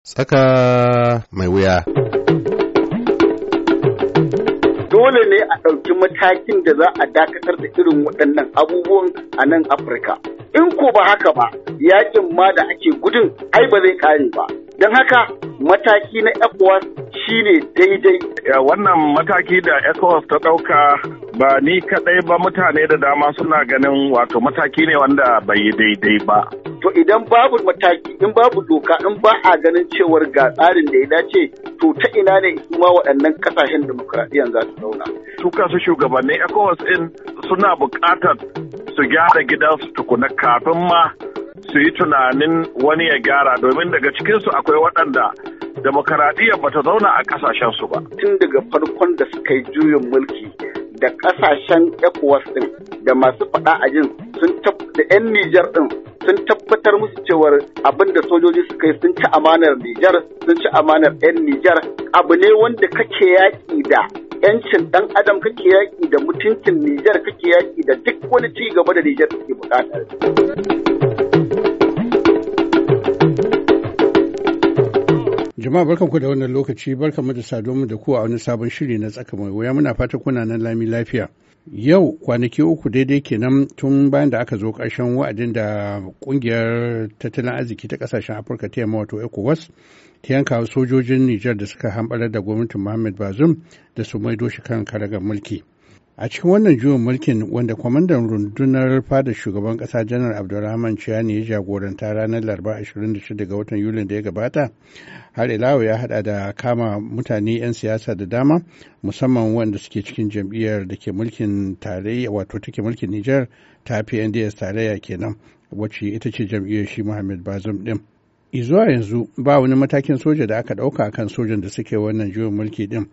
Tsaka mai wuya. Dole ne a ɗauki matakin da za a dakatar da irin waɗannan abubuwan a nan Afirka. In ko ba haka ba, yakin ma da ake gudun ai ba zai ƙare ba. Don haka mataki na ECOWAS shi ne daidai. Wannan mataki da ECOWAS ta ɗauka ba ni kaɗai ba mutane da dama suna ganin wato mataki ne wanda bai yi daidai ba. to idan babu mataki in babu doka in ba a ganin cewar ga tsarin da ya dace to ta ina ne kuma waɗannan kasashen demokradiyyar za su zauna. su shugabannin ecowas in suna buƙatar su gyara gidansu tukuna kafin ma su yi tunanin wani ya gyara domin daga cikinsu akwai waɗanda demokaradiyya ba ta zauna a su ba. Tun daga farkon da suka yi juyin mulki da ƙasashen ECOWAS ɗin da masu faɗa a jin sun da 'yan Nijar din sun tabbatar musu cewar abinda da sojoji suka yi sun ci amanar Nijar sun ci amanar 'yan Nijar abu ne wanda kake yaƙi da yancin ɗan adam kake yaƙi da mutuncin Nijar kake yaƙi da duk wani ci gaba da Nijar suke buƙatar. Jama'a barkanku da wannan lokaci mu da saduwa da ku a wani sabon shiri na tsaka mai wuya muna fata kuna nan lami lafiya. Yau kwanaki uku daidai kenan tun bayan da aka zo karshen wa'adin da kungiyar tattalin arziki ta ƙasashen Afirka ta yamma wato ECOWAS ta yanka sojojin Nijar da suka hambarar da gwamnatin Muhammad bazum da su maido shi kan karagar mulki. a cikin wannan juyin mulkin wanda kwamandan rundunar fada shugaban kasa janar abdulrahman ciyani ya jagoranta ranar laraba 26 ga watan yulin da ya gabata har ilawa ya hada da kama mutane 'yan siyasa da dama musamman wanda suke cikin jam'iyyar da ke mulkin tarayya wato take mulkin Nijar ta pnds tarayya kenan wacce ita ce jam'iyyar shi muhammad bazum din izuwa yanzu ba wani matakin soja da aka dauka kan sojan da suke wannan juyin mulki din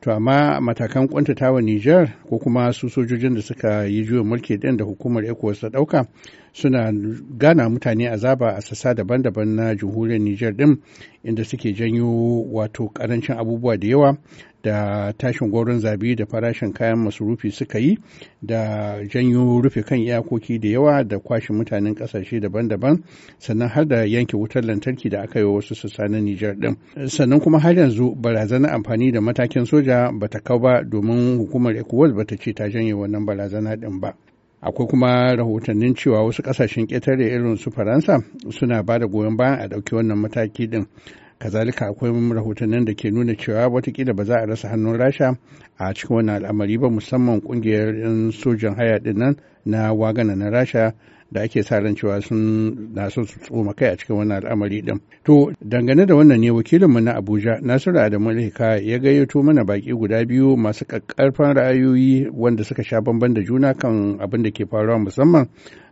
to amma matakan kwantatawa Nijar ko kuma su sojojin da suka yi juyin mulki din da hukumar ECOWAS ta dauka suna gana mutane azaba a sassa daban-daban na jamhuriyar Nijar din inda suke janyo wato karancin abubuwa da yawa da tashin gwaron zabi da farashin kayan masurufi suka yi da janyo rufe kan iyakoki da yawa da kwashe mutanen kasashe daban-daban sannan har da yanke wutar lantarki da aka yi wasu sassa na Nijar din. Sannan kuma har yanzu barazanar amfani da matakin soja ba ta kau ba domin hukumar ECOWAS ta ce ta janye wannan barazana din ba. akwai kuma rahotannin cewa wasu kasashen ƙetare irin su faransa suna ba da goyon bayan a ɗauki wannan mataki ɗin kazalika akwai rahotannin da ke nuna cewa watakila ba za a rasa hannun rasha a cikin wani al'amari ba musamman kungiyar sojan haya dinnan na wagana na rasha da ake sa ran cewa sun na so su tsoma kai a cikin wani al'amari din to dangane da wannan ne wakilinmu na abuja nasiru adamu lika ya gayyato mana baki guda biyu masu ƙaƙƙarfan ra'ayoyi wanda suka sha bamban da juna kan abin da ke faruwa musamman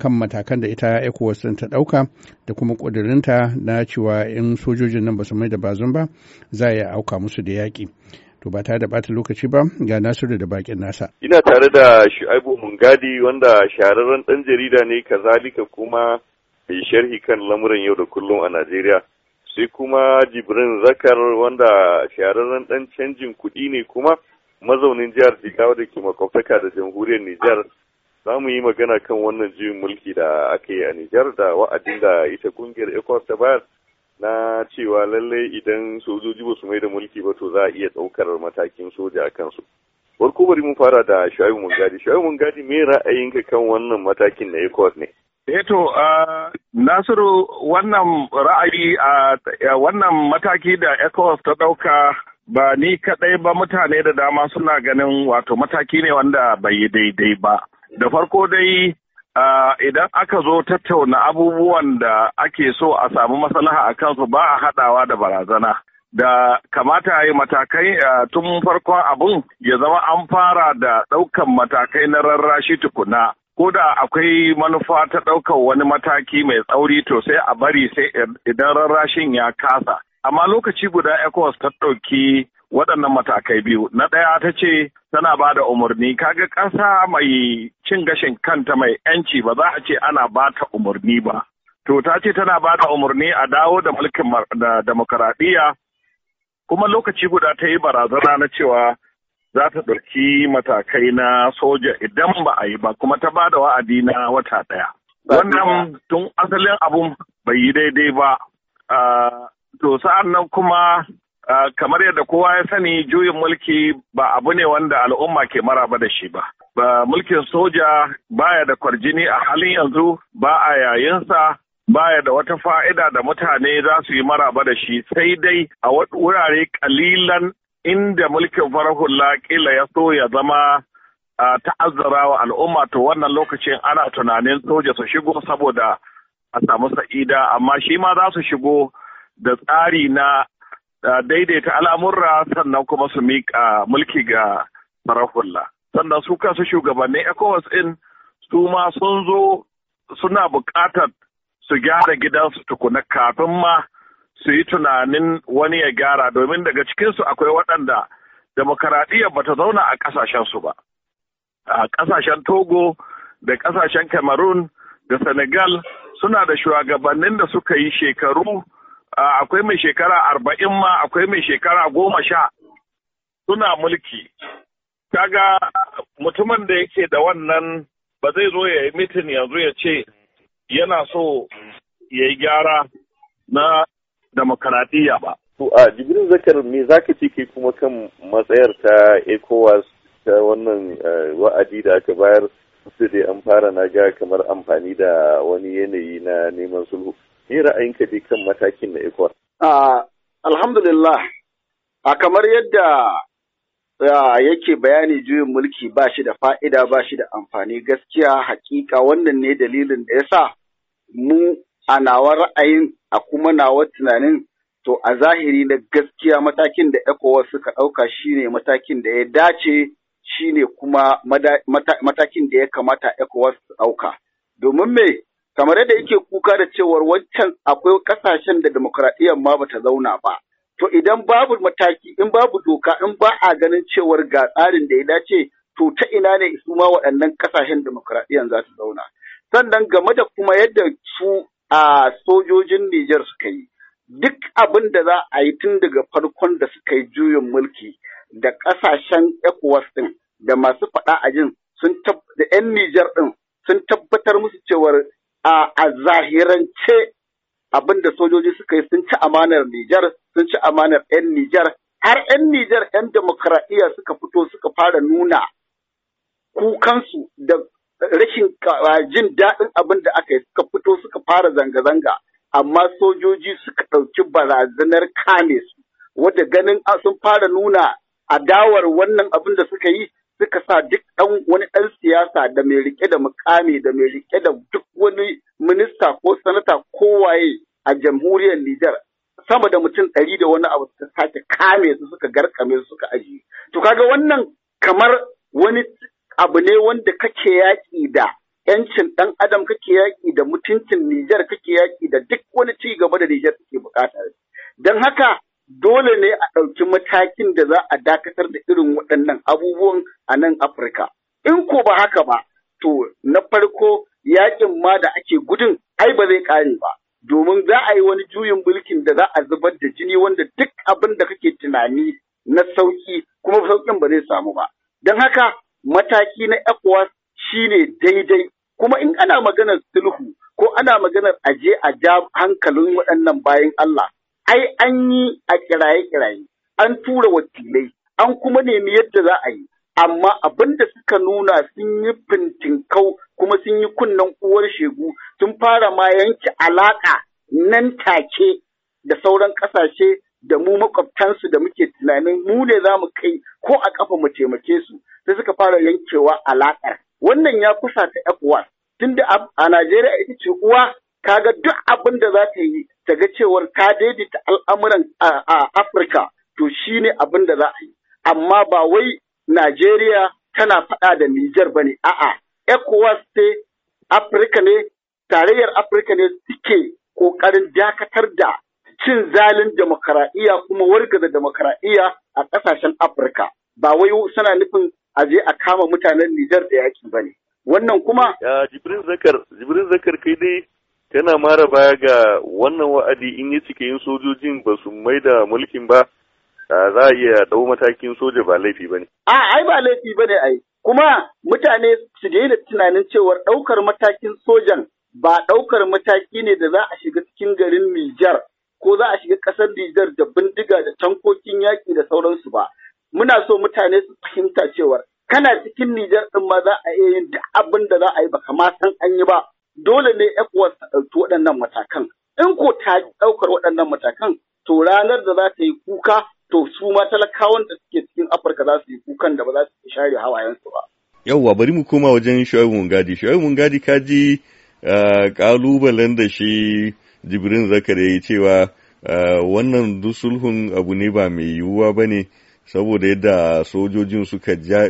kan matakan da ita ECOWAS ta ɗauka da kuma ƙudurinta na cewa in sojojin nan ba su mai da bazun ba za a auka musu da yaƙi. To ba ta da bata lokaci ba ga Nasiru da bakin nasa. Ina tare da Shu'aibu Mungadi wanda shahararren ɗan jarida ne kazalika kuma mai sharhi kan lamuran yau da kullum a Najeriya. Sai kuma Jibrin Zakar wanda shahararren ɗan canjin kuɗi ne kuma mazaunin jihar Jigawa da ke makwabtaka da jamhuriyar Nijar za mu yi magana kan wannan juyin mulki da aka yi a Nijar da wa'adin da ita kungiyar ECOWAS ta bayar na cewa lallai idan sojoji ba su mai da mulki ba to za a iya ɗaukar matakin soja a kansu. Farko bari mu fara da Shu'aibu Mungadi. Shu'aibu Mungadi me ra'ayinka kan wannan matakin na ECOWAS ne? Eto, eh Nasiru wannan ra'ayi a wannan mataki da ECOWAS ta ɗauka ba ni kaɗai ba mutane da dama suna ganin wato mataki ne wanda bai daidai ba. da farko dai idan aka zo tattauna abubuwan da ake so a samu maslaha a kansu ba a haɗawa da barazana da kamata yi matakai tun farkon abun ya zama an fara da ɗaukan matakai na rarrashi tukuna ko da akwai manufa ta ɗaukar wani mataki mai tsauri to sai a bari sai idan rarrashin ya kasa amma lokaci guda ECOWAS ta ɗauki waɗannan matakai biyu na ɗaya ta ce tana ba da umarni kaga ƙasa mai cin gashin kanta mai yanci ba za a ce ana ba ta umarni ba to ta ce tana ba da umarni a dawo da mulkin da kuma lokaci guda ta yi barazana na cewa za ta ɗauki matakai na soja idan ba a yi ba kuma ta ba da wa'adi na wata ɗaya wannan tun asalin abun bai yi daidai ba ah, to sa'an nan kuma kamar yadda kowa ya sani juyin mulki ba abu ne wanda al'umma ke maraba da shi ba. ba mulkin soja baya da kwarjini a halin yanzu ba a yayinsa baya da wata fa'ida da mutane za su yi maraba da shi sai dai a wurare kalilan inda mulkin farahulla kila ya so ya zama ta'azzara wa al'umma to wannan lokacin ana tunanin soja su shigo saboda a samu sa'ida amma shi ma za su shigo da tsari na daidaita al'amurra sannan kuma su miƙa mulki ga sarafulla. Sannan su kansu shugabannin ECOWAS ɗin su ma sun zo suna buƙatar su gyara gidansu tukuna kafin ma su yi tunanin wani ya gyara domin daga cikinsu akwai waɗanda demokaradiyya ba ta zauna a ƙasashensu ba. A ƙasashen Togo da ƙasashen Cameroon da Senegal suna da shugabannin da suka yi shekaru akwai mai shekara arba'in ma akwai mai shekara goma sha suna mulki kaga mutumin da yake da wannan ba zai zo ya yi mitin yanzu ya ce yana so ya yi gyara na demokaradiyya ba. To a jibirin Zakar me za ka ce ke kuma kan matsayar ta ECOWAS ta wannan eh, wa'adi da aka bayar su dai an fara na ga kamar amfani da wani yanayi na neman sulhu. ra'ayin ra'ayinka dai kan matakin na ECOWAS? Ah, alhamdulillah, a kamar yadda yake bayani juyin mulki ba shi da fa'ida ba shi da amfani gaskiya hakika wannan ne dalilin da ya sa mu a nawa ra'ayin a kuma nawa tunanin to a zahiri na gaskiya matakin da ECOWAS suka ɗauka shi ne matakin da ya dace shi ne kuma matakin da ya kamata ECOWAS su ɗauka. Domin me Kamar yadda yake kuka da cewar wancan akwai ƙasashen da demokradiyyar ma bata zauna ba. To idan babu mataki, in babu doka, in ba a ganin cewar ga tsarin da ya dace, to ta ina ne su ma waɗannan ƙasashen demokradiyyar za su zauna. Sannan game da kuma yadda su a sojojin Nijar suka yi. Duk abin da za a yi tun daga farkon da suka yi juyin mulki da ƙasashen ECOWAS ɗin da masu faɗa a jin da 'yan Nijar ɗin sun tabbatar musu cewar a zahirance abin da sojoji suka yi sun ci amanar Nijar, sun ci amanar 'yan Nijar, har 'yan Nijar 'yan demokradiyya suka fito suka fara nuna kukansu da rashin jin daɗin abin da aka yi suka fito suka fara zanga-zanga, amma sojoji suka ɗauki barazanar kame su, wadda ganin sun fara nuna adawar wannan abin da suka yi suka sa duk ɗan wani ɗan siyasa da mai rike da mukami da mai rike da duk wani minista ko sanata kowaye a jamhuriyar Nijar sama da mutum ɗari da wani abu suka sake kame su suka garkame su suka ajiye. To kaga wannan kamar wani abu ne wanda kake yaƙi da ‘yancin ɗan adam kake yaƙi da mutuncin Nijar kake yaƙi da duk wani ci gaba da Nijar take buƙata. Don haka dole ne a ɗauki matakin da za a dakatar da irin waɗannan abubuwan a nan Afirka. In ko ba haka ba, to na farko yakin ma da ake gudun ai ba zai kare ba. Domin za a yi wani juyin mulkin da za a zubar da jini wanda duk abin da kake tunani na sauki kuma sauƙin ba zai samu ba. Don haka mataki na ECOWAS shine daidai kuma in ana maganar sulhu ko ana maganar aje a ja hankalin waɗannan bayan Allah ai an yi a kiraye-kiraye an tura wakilai an kuma nemi yadda za a yi amma abin da suka nuna sun yi fintinkau kuma sun yi kunnen uwar shegu sun fara ma yanke alaƙa nan take da sauran ƙasashe da mu makwabtansu da muke tunanin mu ne za mu kai ko a ƙafa mu taimake su sai suka fara yankewa alaƙar wannan ya kusa ta Tun tunda a Najeriya ita ce uwa kaga duk abin da za ta yi ta ga cewar ka daidaita al'amuran a Afirka to shine abin da za a yi amma ba wai Najeriya tana faɗa da Nijar ba ne, a'a, ECOWAS ce, Afirka ne, tarayyar Afirka ne suke ƙoƙarin dakatar da cin zalin demokaraɗiyya kuma wargaza demokaraɗiyya a ƙasashen Afirka. Ba wai suna nufin a je a kama mutanen Nijar da yaƙi ba ne. Wannan kuma? Jibrin Zakar, Jibrin Zakar kai dai tana mara baya ga wannan wa'adi in ya cike yin sojojin ba su mai da mulkin ba za a iya dau matakin soja ba laifi ba ne. A ai ba laifi ba ne ai. Kuma mutane su daina tunanin cewar ɗaukar matakin sojan ba ɗaukar mataki ne da za a shiga cikin garin Nijar ko za a shiga ƙasar Nijar da bindiga da tankokin yaƙi da sauransu ba. Muna so mutane su fahimta cewar kana cikin Nijar ɗin ma za a iya yin duk abin da za a yi ba kama san an yi ba. Dole ne ECOWAS ta ɗauki waɗannan matakan. In ko ta ɗaukar waɗannan matakan to ranar da za ta yi kuka to su ma talakawan da suke cikin Afirka za su yi kukan da ba za su share hawayensu ba. Yauwa bari mu koma wajen Shu'aibu Mungadi. Shu'aibu Mungadi ka ji kalubalen uh, da shi Jibrin Zakare ya cewa uh, wannan dusulhun abu ne ba mai yiwuwa ba ne saboda yadda sojojin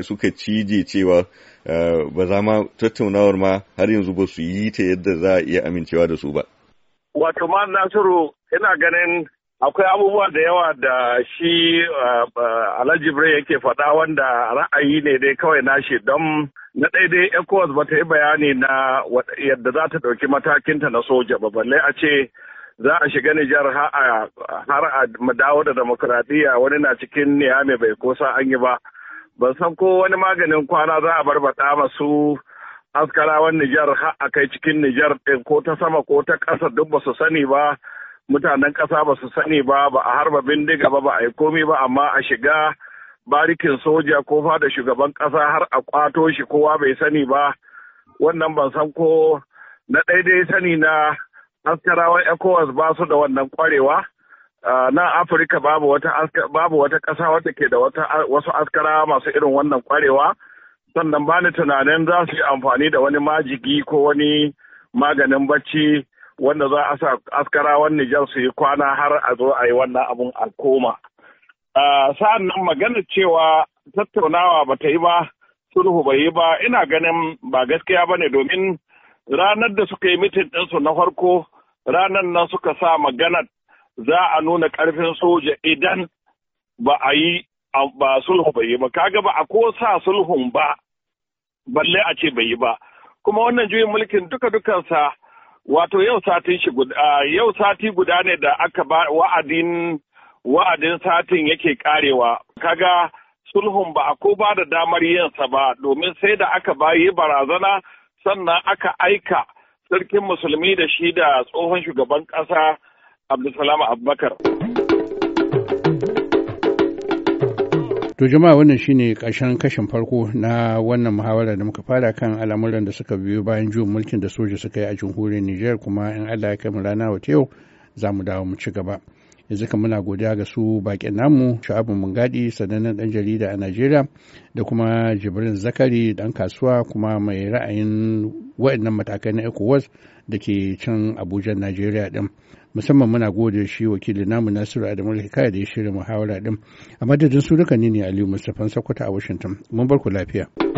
suka cije cewa uh, ba za ma tattaunawar ma har yanzu ba su yi ta yadda za a iya amincewa da su ba. Wato ma Nasiru ina ganin akwai abubuwa da yawa da shi uh, uh, alhaji bre yake faɗa wanda ra'ayi ne dai kawai nashi don na daidai ecowas ba ta yi bayani na yadda za ta ɗauki matakinta na soja ba balle a ce za a shiga nijar har a dawo da demokuraɗiyya wani na cikin niyame bai kosa an yi ba ban san ko wani maganin kwana za a barbaɗa masu askarawan nijar har a kai cikin nijar ko ta sama ko ta ƙasa duk ba su sani ba mutanen ƙasa ba su sani ba ba a harba bindiga ba ba a yi komi ba amma a shiga barikin soja ko da shugaban ƙasa har a kwato shi kowa bai sani ba wannan ban san ko na daidai sani na askarawa ecowas ba su da wannan kwarewa na afirka babu wata ƙasa wata ke da wasu askarawa masu irin wannan kwarewa sannan ba ni tunanin za su yi amfani da wani majigi ko wani maganin bacci wanda za a sa askara wani Nijar su yi kwana har a zo a yi wannan abun a koma. Sa'an nan magana cewa tattaunawa ba ta yi ba, sulhu bai yi ba, ina ganin ba gaskiya ba ne domin ranar da suka yi mitin ɗinsu na farko, ranar nan suka sa magana za a nuna ƙarfin soja idan ba a yi ba sulhu bai yi ba kaga ba a ko sa sulhun ba balle a ce bai yi ba kuma wannan juyin mulkin duka dukansa Wato yau satin shi guda yau sati guda ne da aka ba wa'adin wa'adin satin yake karewa. Kaga sulhun ba a ko ba da damar yinsa ba domin sai da aka bayi barazana sannan aka aika sarkin musulmi da shi da tsohon shugaban ƙasa Abdulsalam Abubakar. To jama'a wannan shine ƙarshen kashin farko na wannan muhawara da muka fara kan al'amuran da suka biyo bayan juyin mulkin da soja suka yi a jamhuriyar Nijar kuma in Allah ya kai mu rana wata yau za mu dawo mu ci gaba. yanzu kan muna godiya ga su bakin namu sha'abu mungadi sanannen dan jarida a najeriya da kuma jibrin zakari dan kasuwa kuma mai ra'ayin waɗannan matakai na ecowas da ke can abuja najeriya din musamman muna gode shi wakilin namu nasiru adamu hikaya da ya shirya muhawara din a madadin su duka ne aliyu mustapha sakwata a washington mun bar ku lafiya.